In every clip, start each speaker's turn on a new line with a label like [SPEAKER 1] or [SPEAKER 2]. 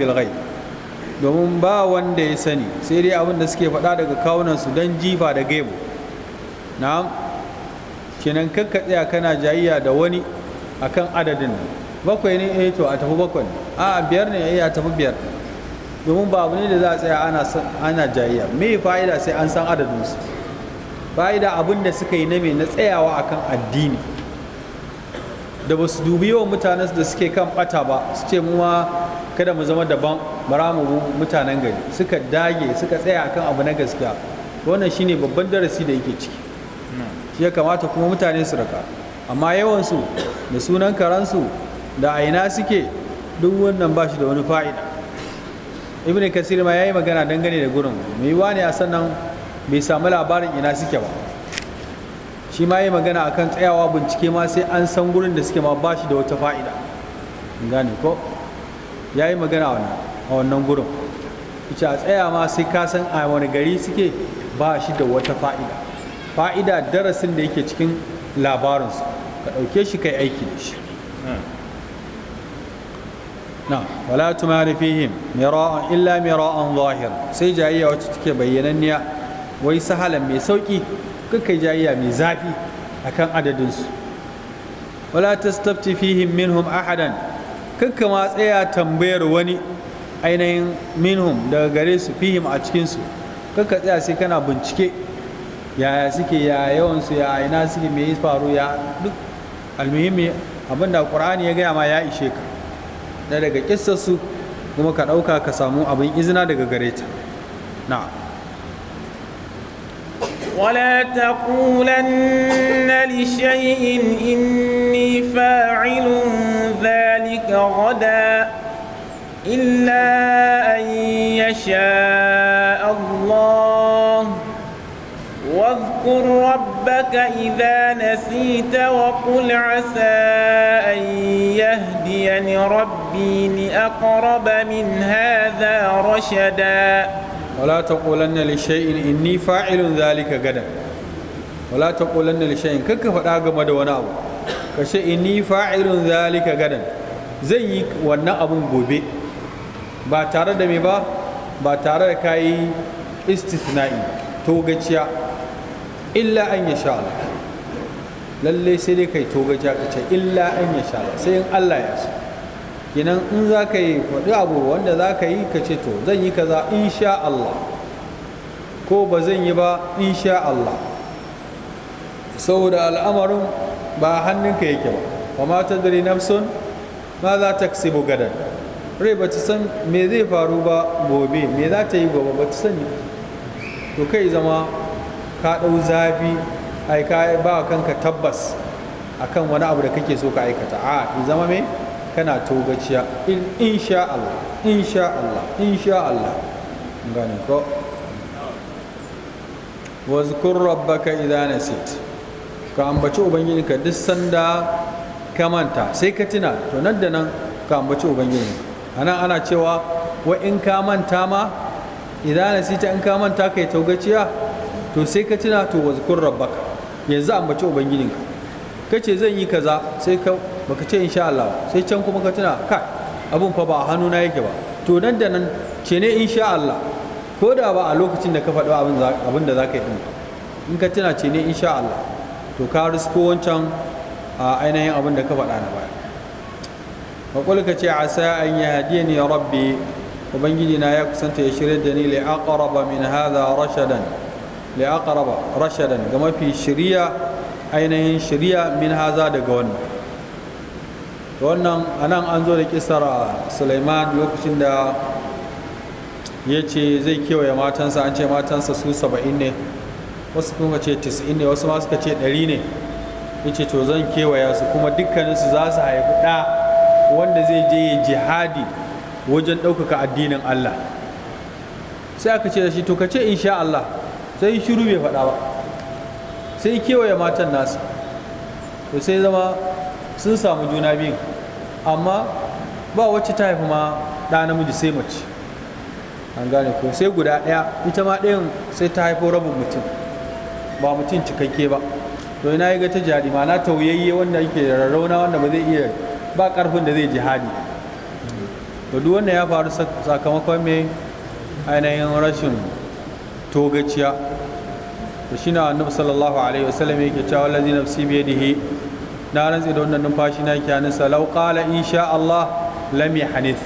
[SPEAKER 1] bil ghaib domin ba wanda ya sani sai dai abin da suke faɗa daga kawunan su dan jifa da gebu na'am kenan kakka tsaya kana jayayya da wani akan adadin bakwai ne eh to a tafi bakwai a biyar ne eh a tafi biyar domin ba abu ne da za a tsaya ana ana jayayya me fa'ida sai an san adadin su fa'ida abin da suka yi na me na tsayawa akan addini da ba su dubi yawan mutane da suke kan bata ba su ce muma kada mu zama daban bara mu mutanen gari suka dage suka tsaya akan abu na gaskiya wannan shine babban darasi da yake ciki shi ya kamata kuma mutane su raka amma yawansu da sunan karansu da aina suke duk wannan ba shi da wani fa'ida ibn kasir ma ya yi magana dangane da gurin mai wani ne a sannan bai samu labarin ina suke ba shi ma yi magana akan tsayawa bincike ma sai an san gurin da suke ma ba shi da wata fa'ida gane ko ya yi magana a wannan gurin ita a tsaya ma sai ka san a wani gari suke ba shi da wata fa'ida fa'ida darasin da yake cikin labarinsu ka ɗauke shi kai aiki da shi na wala tumari fihim mira'an illa mira'an zahir sai jayayya wacce take bayyananniya wai sahalan mai sauki kai jayayya mai zafi akan adadinsu wala ta stafti fihim minhum ahadan kakka ma tsaya tambayar wani ainihin minhum daga gare su fihim a cikinsu kakka tsaya sai kana bincike yaya suke ya yawansu ya ina suke mai ya faru ya duk almuhimmi abinda qur'ani ya gaya ma ya ishe ka da daga kissarsu kuma ka ɗauka ka samu abin izina daga gare ta na'am ولا تقولن لشيء إني فاعل ذلك غدا إلا أن يشاء الله واذكر ربك إذا نسيت وقل عسى أن يهديني ربي لأقرب من هذا رشداً wala taqulanna li shay'in inni fa'ilun zalika gadan wala taqulanna li shay'in kakka faɗa game da wani abu ka ce inni fa'ilun zalika gadan zan yi wannan abun gobe ba tare da me ba ba tare da ka yi istisna'i togaciya illa an yi Allah lalle sai dai kai togaciya ka ce illa an yi Allah sai in Allah ya so kenan in za ka yi faɗi abu wanda za ka yi ka ce to zan yi kaza insha Allah ko ba zan yi ba insha Allah saboda al'amarin ba hannunka yake ba ba ma tadri nafsun ma za ta kasibu gadan rai ba ta san me zai faru ba gobe me za ta yi gobe ba ta sani to kai zama ka ɗau zafi ai ka ba kanka tabbas akan wani abu da kake so ka aikata a zama me kana togaciya in sha Allah in sha Allah in sha Allah gani ko wazkur rabbaka idza nasit ka ambaci ubangijinka duk sanda ka manta sai ka tuna to nan da nan ka ambaci ubangijinka anan ana cewa wa in ka manta ma idza nasita in ka manta kai taugaciya to sai ka tuna to wazkur rabbaka yanzu ambaci ubangijinka kace zan yi kaza sai ka baka ce insha Allah sai can kuma ka tuna kai abun fa ba hannu na yake ba to nan da nan ce ne insha Allah ko da ba a lokacin da ka faɗo abin da za ka yi ɗin in ka tuna ce ne insha Allah to ka risko wancan a ainihin abin da ka faɗa na baya faƙul ka ce a sa an yi hadiya ne rabbi ubangiji na ya kusanta ya shirya da ni aqraba min hadha rashadan aqraba rashadan ga mafi shirya ainihin shirya min hadha daga wannan wannan anan an zo da kisar suleiman lokacin da ya ce zai kewaye matansa an ce matansa su saba'in ne wasu kuma ce tis'in ne wasu ma suka ce ɗari ne ya ce to zan kewaya su kuma dukkaninsu za su haifi ɗa wanda zai je jihadi wajen ɗaukaka addinin allah sai aka ce da shi to ka ce insha allah sai shiru bai faɗa ba sai kewaye matan nasu to sai zama sun samu juna biyu amma ba wacce ta haifi ma ɗa namiji sai mace an gane ko sai guda ɗaya ita ma ɗayan sai ta haifo rabin mutum ba mutum cikakke ba to ina ga ta jari ma na tauyayye wanda yake rarrauna wanda ba zai iya ba ƙarfin da zai jihadi to duk wanda ya faru sakamakon mai ainihin rashin togaciya to shi na annabi sallallahu alaihi wasallam yake cewa lazi nafsi biyadihi na rantse da wannan numfashi na yake hannunsa lau kala insha Allah lam yahnith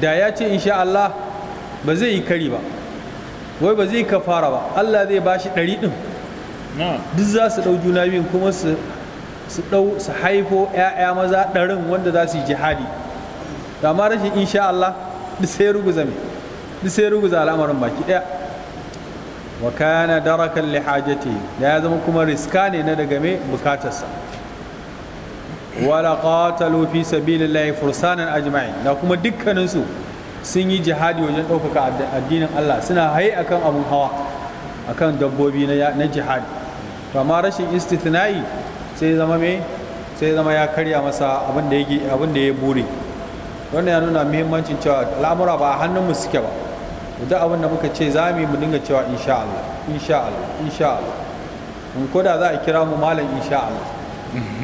[SPEAKER 1] da ya ce insha Allah ba zai yi kari ba wai ba zai kafara ba Allah zai bashi ɗari ɗin duk za su ɗau juna biyun kuma su su ɗau su haifo 'ya'ya maza ɗarin wanda za su yi jihadi da ma rashin insha Allah duk sai ruguza mai duk sai ruguza al'amarin baki ɗaya wa kana darakan lihajati da ya zama kuma riska ne na daga mai bukatarsa wala qatalu fi sabilillahi fursanan ajma'in Na kuma dukkaninsu sun yi jihadi wajen ɗaukaka addinin Allah suna haye akan abun hawa akan dabbobi na jihadi to amma rashin istithnai sai zama me sai zama ya karya masa abin da yake abin da ya bure wannan ya nuna muhimmancin cewa al'amura ba a mu suke ba duk abin da muka ce za mu dinga cewa insha Allah insha Allah insha Allah in koda za a kira mu malam insha Allah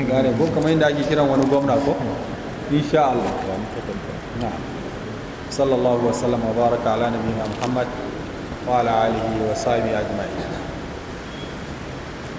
[SPEAKER 1] gane ko kamar yadda ake kiran wani gwamna ko insha Allah na'am sallallahu wa sallama baraka ala nabiyina muhammad wa ala alihi wa sahbihi ajma'in